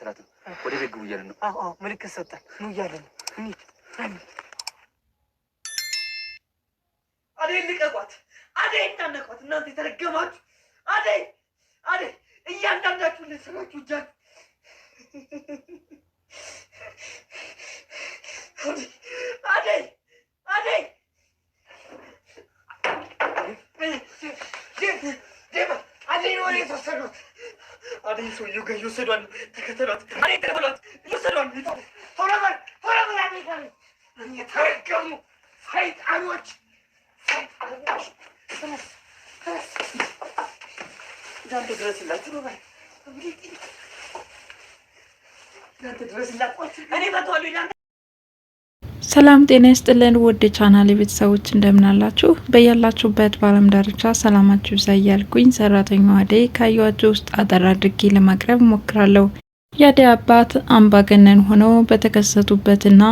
አትላትም። ወደ ቤት ግቡ እያለን ነው። አዎ አዎ፣ ምልክት ሰጠን። ኑ እያለን ነው። አደይ ልቀቋት! አደይ እንዳነቋት! እናንተ የተረገማችሁ! አደይ አደይ! እያንዳንዳችሁ ልንሰራችሁ እጃችሁ አደይ አደይ አደይ ነው የተወሰዱት አደይ ሰውዬው ጋር ይወሰዷል። ተከተሏት፣ አደይ ተከተሏት፣ ይወሰዷል። ሆነበር ሆነበር አሜሪካን የተረገሙ ሰይጣኖች ሰይጣኖች እናንተ ድረስላችሁ ነው እናንተ ድረስላችሁ እኔ መቷሉ ሰላም ጤና ይስጥልን ውድ ቻናል እንደምን እንደምናላችሁ በያላችሁበት በዓለም ዳርቻ ሰላማችሁ ይብዛ እያልኩኝ ሰራተኛዋ አደይ ካዩዋችሁ ውስጥ አጠር አድርጌ ለማቅረብ ሞክራለሁ። የአደይ አባት አምባገነን ሆነው በተከሰቱበትና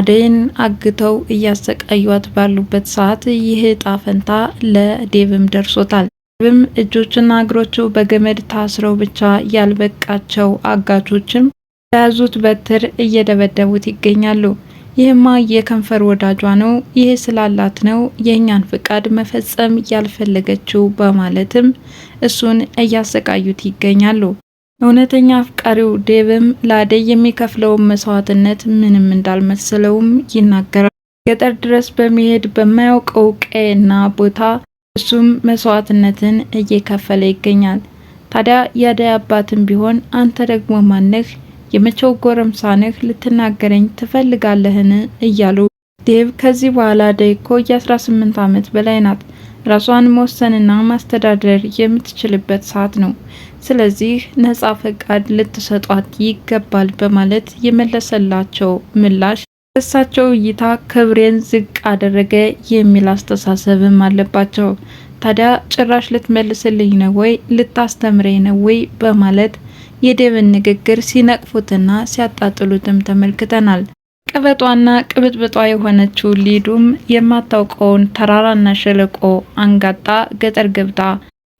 አደይን አግተው እያሰቃዩት ባሉበት ሰዓት ይህ ጣፈንታ ፈንታ ለዴብም ደርሶታል። ዴብም እጆችና እግሮቹ በገመድ ታስረው ብቻ ያልበቃቸው አጋቾችም በያዙት በትር እየደበደቡት ይገኛሉ። ይህማ የከንፈር ወዳጇ ነው፣ ይህ ስላላት ነው የእኛን ፍቃድ መፈጸም ያልፈለገችው በማለትም እሱን እያሰቃዩት ይገኛሉ። እውነተኛ አፍቃሪው ዴብም ለአደይ የሚከፍለውን መስዋዕትነት ምንም እንዳልመሰለውም ይናገራል። ገጠር ድረስ በመሄድ በማያውቀው ቀየና ቦታ እሱም መስዋዕትነትን እየከፈለ ይገኛል። ታዲያ የአደይ አባትም ቢሆን አንተ ደግሞ ማነህ የመቼው ጎረምሳ ልትናገረኝ ትፈልጋለህን? እያሉ ዴቭ ከዚህ በኋላ አደይ እኮ የ18 ዓመት በላይ ናት፣ ራሷን መወሰንና ማስተዳደር የምትችልበት ሰዓት ነው። ስለዚህ ነጻ ፈቃድ ልትሰጧት ይገባል በማለት የመለሰላቸው ምላሽ እሳቸው እይታ ክብሬን ዝቅ አደረገ የሚል አስተሳሰብም አለባቸው። ታዲያ ጭራሽ ልትመልስልኝ ነው ወይ? ልታስተምረኝ ነው ወይ? በማለት የደብን ንግግር ሲነቅፉትና ሲያጣጥሉትም ተመልክተናል። ቅበጧና ቅብጥብጧ የሆነችው ሊዱም የማታውቀውን ተራራና ሸለቆ አንጋጣ ገጠር ገብታ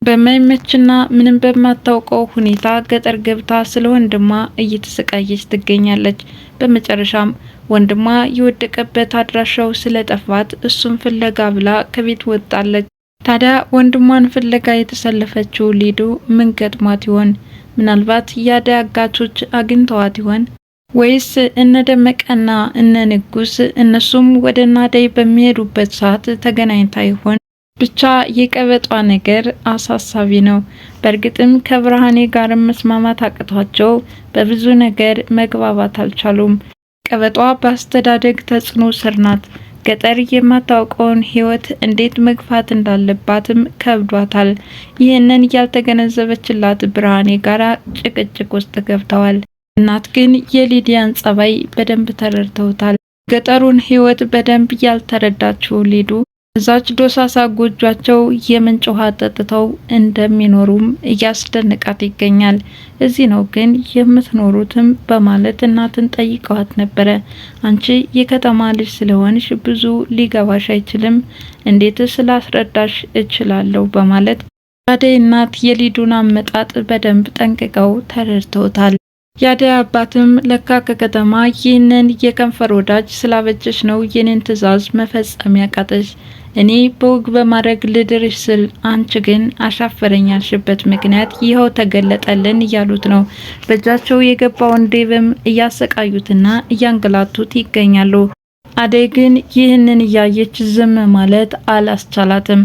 በማይመችና ምንም በማታውቀው ሁኔታ ገጠር ገብታ ስለ ወንድሟ እየተሰቃየች ትገኛለች። በመጨረሻም ወንድሟ የወደቀበት አድራሻው ስለጠፋት እሱም ፍለጋ ብላ ከቤት ወጣለች። ታዲያ ወንድሟን ፍለጋ የተሰለፈችው ሊዱ ምን ገጥሟት ይሆን? ምናልባት ያደይ አጋቾች አግኝተዋት ይሆን ወይስ እነ ደመቀና እነ ንጉስ እነሱም ወደ ናደይ በሚሄዱበት ሰዓት ተገናኝታ ይሆን? ብቻ የቀበጧ ነገር አሳሳቢ ነው። በእርግጥም ከብርሃኔ ጋር መስማማት አቅቷቸው በብዙ ነገር መግባባት አልቻሉም። ቀበጧ በአስተዳደግ ተጽዕኖ ስር ናት። ገጠር የማታውቀውን ህይወት እንዴት መግፋት እንዳለባትም ከብዷታል። ይህንን ያልተገነዘበችላት ብርሃኔ ጋራ ጭቅጭቅ ውስጥ ገብተዋል። እናት ግን የሊዲያን ጸባይ በደንብ ተረድተውታል። ገጠሩን ህይወት በደንብ ያልተረዳችው ሊዱ እዛች ዶሳሳ ጎጇቸው የምንጭ ውሃ ጠጥተው እንደሚኖሩም እያስደነቃት ይገኛል። እዚህ ነው ግን የምትኖሩትም በማለት እናትን ጠይቀዋት ነበረ። አንቺ የከተማ ልጅ ስለሆንሽ ብዙ ሊገባሽ አይችልም፣ እንዴት ስላስረዳሽ እችላለሁ በማለት የአደይ እናት የሊዱን አመጣጥ በደንብ ጠንቅቀው ተረድተውታል። የአደይ አባትም ለካ ከከተማ ይህንን የከንፈር ወዳጅ ስላበጀሽ ነው የኔን ትዕዛዝ መፈጸም ያቃተሽ እኔ በወግ በማድረግ ልድርሽ ስል አንቺ ግን አሻፈረኝ ያልሽበት ምክንያት ይኸው ተገለጠልን እያሉት ነው። በእጃቸው የገባውን ዴቭም እያሰቃዩትና እያንገላቱት ይገኛሉ። አደይ ግን ይህንን እያየች ዝም ማለት አላስቻላትም።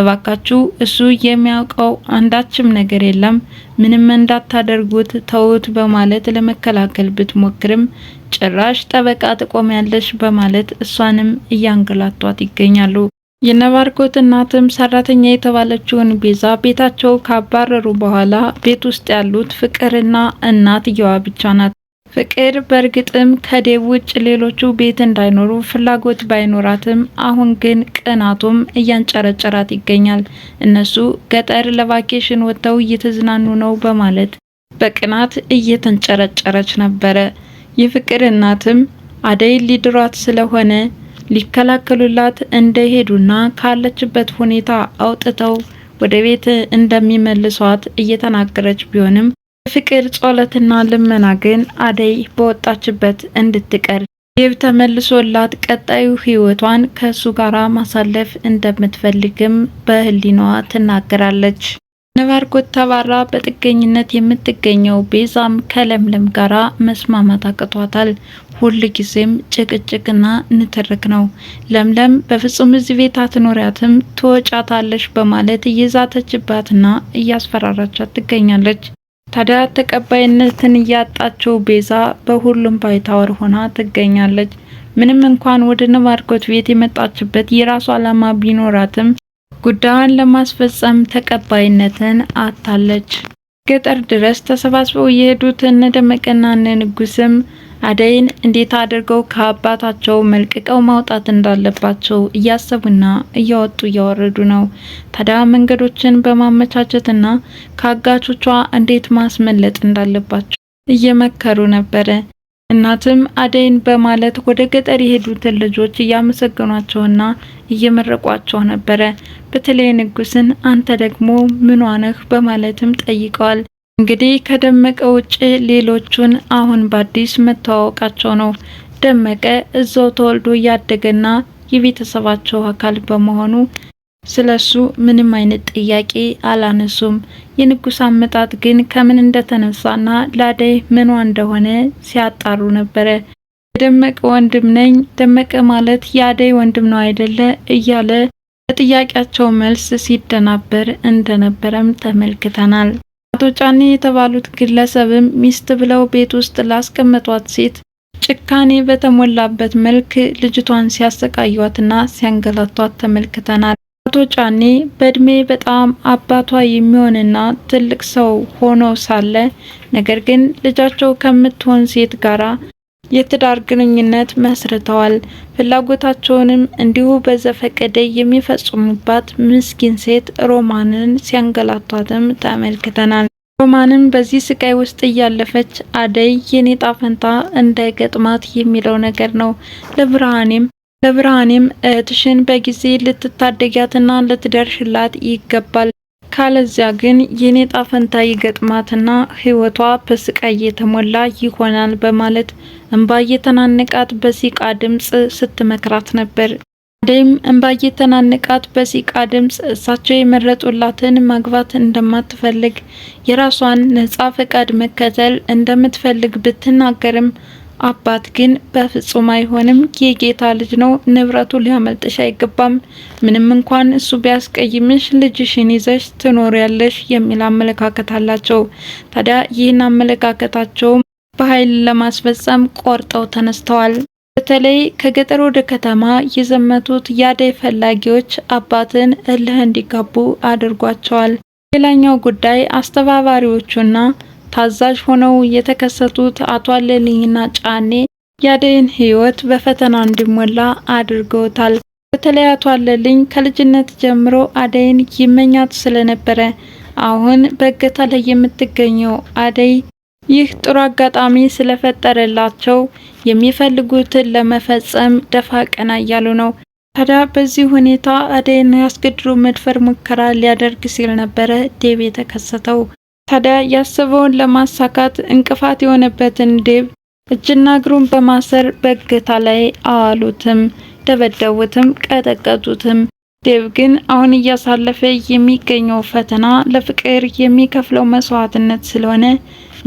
እባካችሁ እሱ የሚያውቀው አንዳችም ነገር የለም፣ ምንም እንዳታደርጉት ተውት በማለት ለመከላከል ብትሞክርም ጭራሽ ጠበቃ ትቆሚያለሽ በማለት እሷንም እያንገላቷት ይገኛሉ። የነባርኮት እናትም ሰራተኛ የተባለችውን ቤዛ ቤታቸው ካባረሩ በኋላ ቤት ውስጥ ያሉት ፍቅርና እናትየዋ ብቻ ናት። ፍቅር በእርግጥም ከዴብ ውጭ ሌሎቹ ቤት እንዳይኖሩ ፍላጎት ባይኖራትም አሁን ግን ቅናቱም እያንጨረጨራት ይገኛል። እነሱ ገጠር ለቫኬሽን ወጥተው እየተዝናኑ ነው በማለት በቅናት እየተንጨረጨረች ነበረ። የፍቅር እናትም አደይ ሊድሯት ስለሆነ ሊከላከሉላት እንደሄዱና ካለችበት ሁኔታ አውጥተው ወደ ቤት እንደሚመልሷት እየተናገረች ቢሆንም የፍቅር ጸሎትና ልመና ግን አደይ በወጣችበት እንድትቀር የብ ተመልሶላት ቀጣዩ ህይወቷን ከእሱ ጋር ማሳለፍ እንደምትፈልግም በህሊናዋ ትናገራለች። ነባርኮት ተባራ በጥገኝነት የምትገኘው ቤዛም ከለምለም ጋራ መስማማት አቅቷታል። ሁል ጊዜም ጭቅጭቅና ንትርክ ነው። ለምለም በፍጹም እዚህ ቤት አትኖሪያትም፣ ትወጫታለሽ በማለት እየዛተችባትና እያስፈራራቻት ትገኛለች። ታዲያ ተቀባይነትን እያጣቸው ቤዛ በሁሉም ባይታወር ሆና ትገኛለች። ምንም እንኳን ወደ ነባርኮት ቤት የመጣችበት የራሱ ዓላማ ቢኖራትም ጉዳዩን ለማስፈጸም ተቀባይነትን አታለች። ገጠር ድረስ ተሰባስበው የሄዱት እነ ደመቀና እነ ንጉስም አደይን እንዴት አድርገው ከአባታቸው መልቅቀው ማውጣት እንዳለባቸው እያሰቡና እያወጡ እያወረዱ ነው። ታዲያ መንገዶችን በማመቻቸትና ከአጋቾቿ እንዴት ማስመለጥ እንዳለባቸው እየመከሩ ነበረ። እናትም አደይን በማለት ወደ ገጠር የሄዱትን ልጆች እያመሰገኗቸውና እየመረቋቸው ነበረ። በተለይ ንጉስን አንተ ደግሞ ምኗ ነህ በማለትም ጠይቀዋል። እንግዲህ ከደመቀ ውጭ ሌሎቹን አሁን በአዲስ መተዋወቃቸው ነው። ደመቀ እዛው ተወልዶ ያደገና የቤተሰባቸው አካል በመሆኑ ስለ እሱ ምንም አይነት ጥያቄ አላነሱም። የንጉስ አመጣጥ ግን ከምን እንደተነሳና ለአደይ ምኗ እንደሆነ ሲያጣሩ ነበረ። የደመቀ ወንድም ነኝ፣ ደመቀ ማለት የአደይ ወንድም ነው አይደለ እያለ በጥያቄያቸው መልስ ሲደናበር እንደነበረም ተመልክተናል። አቶ ጫኔ የተባሉት ግለሰብም ሚስት ብለው ቤት ውስጥ ላስቀመጧት ሴት ጭካኔ በተሞላበት መልክ ልጅቷን ሲያሰቃዩዋትና ሲያንገላቷት ተመልክተናል። አቶ ጫኔ በእድሜ በጣም አባቷ የሚሆንና ትልቅ ሰው ሆኖ ሳለ ነገር ግን ልጃቸው ከምትሆን ሴት ጋራ የትዳር ግንኙነት መስርተዋል። ፍላጎታቸውንም እንዲሁ በዘፈቀደ የሚፈጽሙባት ምስኪን ሴት ሮማንን ሲያንገላቷትም ተመልክተናል። ሮማንም በዚህ ስቃይ ውስጥ እያለፈች አደይ የኔ ጣፈንታ እንዳይገጥማት የሚለው ነገር ነው። ለብርሃኔም በብርሃኔም እህትሽን በጊዜ ልትታደጊያትና ልትደርሽላት ይገባል። ካለዚያ ግን የኔ ጣፈንታ ይገጥማትና ሕይወቷ በስቃይ የተሞላ ይሆናል በማለት እንባ የተናነቃት በሲቃ ድምፅ ስትመክራት ነበር። አደይም እንባ የተናነቃት በሲቃ ድምፅ እሳቸው የመረጡላትን ማግባት እንደማትፈልግ የራሷን ነፃ ፈቃድ መከተል እንደምትፈልግ ብትናገርም አባት ግን በፍጹም አይሆንም፣ የጌታ ልጅ ነው፣ ንብረቱ ሊያመልጥሽ አይገባም፣ ምንም እንኳን እሱ ቢያስቀይምሽ ልጅሽን ይዘሽ ትኖሪያለሽ የሚል አመለካከት አላቸው። ታዲያ ይህን አመለካከታቸው በኃይል ለማስፈጸም ቆርጠው ተነስተዋል። በተለይ ከገጠር ወደ ከተማ የዘመቱት የአደይ ፈላጊዎች አባትን እልህ እንዲጋቡ አድርጓቸዋል። ሌላኛው ጉዳይ አስተባባሪዎቹና ታዛዥ ሆነው የተከሰቱት አቶ አለልኝና ጫኔ የአደይን ህይወት በፈተና እንዲሞላ አድርገውታል። በተለይ አቶ አለልኝ ከልጅነት ጀምሮ አደይን ይመኛት ስለነበረ አሁን በእገታ ላይ የምትገኘው አደይ ይህ ጥሩ አጋጣሚ ስለፈጠረላቸው የሚፈልጉትን ለመፈጸም ደፋ ቀና እያሉ ነው። ታዲያ በዚህ ሁኔታ አደይን ያስገድዶ መድፈር ሙከራ ሊያደርግ ሲል ነበረ ዴብ የተከሰተው። ታዲያ ያሰበውን ለማሳካት እንቅፋት የሆነበትን ዴብ እጅና እግሩን በማሰር በእገታ ላይ አዋሉትም፣ ደበደቡትም፣ ቀጠቀጡትም። ዴብ ግን አሁን እያሳለፈ የሚገኘው ፈተና ለፍቅር የሚከፍለው መስዋዕትነት ስለሆነ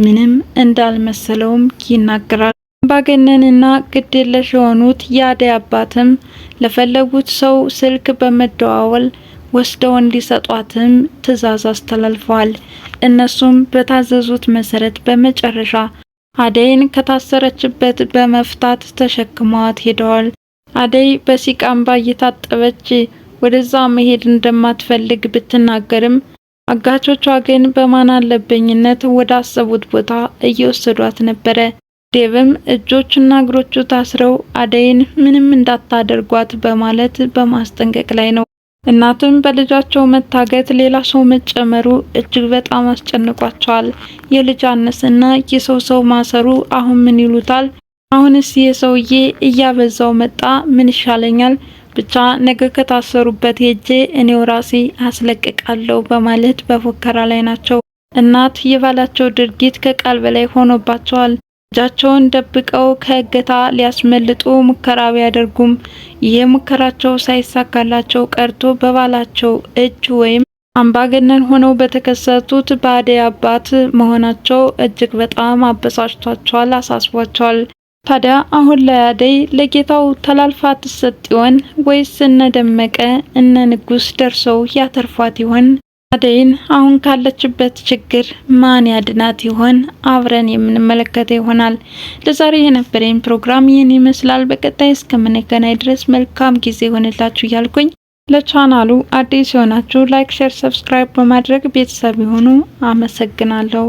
ምንም እንዳልመሰለውም ይናገራል። አምባገነንና ግድየለሽ የሆኑት የአደይ አባትም ለፈለጉት ሰው ስልክ በመደዋወል ወስደው እንዲሰጧትም ትዕዛዝ አስተላልፈዋል። እነሱም በታዘዙት መሰረት በመጨረሻ አደይን ከታሰረችበት በመፍታት ተሸክመዋት ሄደዋል። አደይ በሲቃምባ እየታጠበች ወደዛ መሄድ እንደማትፈልግ ብትናገርም አጋቾቿ ግን በማን አለበኝነት ወደ አሰቡት ቦታ እየወሰዷት ነበረ። ዴብም እጆቹና እግሮቹ ታስረው አደይን ምንም እንዳታደርጓት በማለት በማስጠንቀቅ ላይ ነው። እናትም በልጃቸው መታገት ሌላ ሰው መጨመሩ እጅግ በጣም አስጨንቋቸዋል። የልጅ አነስና የሰው ሰው ማሰሩ አሁን ምን ይሉታል? አሁንስ የሰውዬ እያበዛው መጣ። ምን ይሻለኛል? ብቻ ነገ ከታሰሩበት ሄጄ እኔው ራሴ አስለቅቃለሁ በማለት በፉከራ ላይ ናቸው። እናት የባላቸው ድርጊት ከቃል በላይ ሆኖባቸዋል። እጃቸውን ደብቀው ከእገታ ሊያስመልጡ ሙከራ ቢያደርጉም ይህ ሙከራቸው ሳይሳካላቸው ቀርቶ በባላቸው እጅ ወይም አምባገነን ሆነው በተከሰቱት በአደይ አባት መሆናቸው እጅግ በጣም አበሳጭቷቸዋል፣ አሳስቧቸዋል። ታዲያ አሁን ላይ አደይ ለጌታው ተላልፋ ትሰጥ ይሆን ወይስ እነ ደመቀ እነ ንጉስ ደርሰው ያተርፏት ይሆን? አደይን አሁን ካለችበት ችግር ማን ያድናት ይሆን? አብረን የምንመለከተ ይሆናል። ለዛሬ የነበረኝ ፕሮግራም ይህን ይመስላል። በቀጣይ እስከምንገናኝ ድረስ መልካም ጊዜ ሆነላችሁ እያልኩኝ ለቻናሉ አዲስ የሆናችሁ ላይክ፣ ሼር፣ ሰብስክራይብ በማድረግ ቤተሰብ የሆኑ አመሰግናለሁ።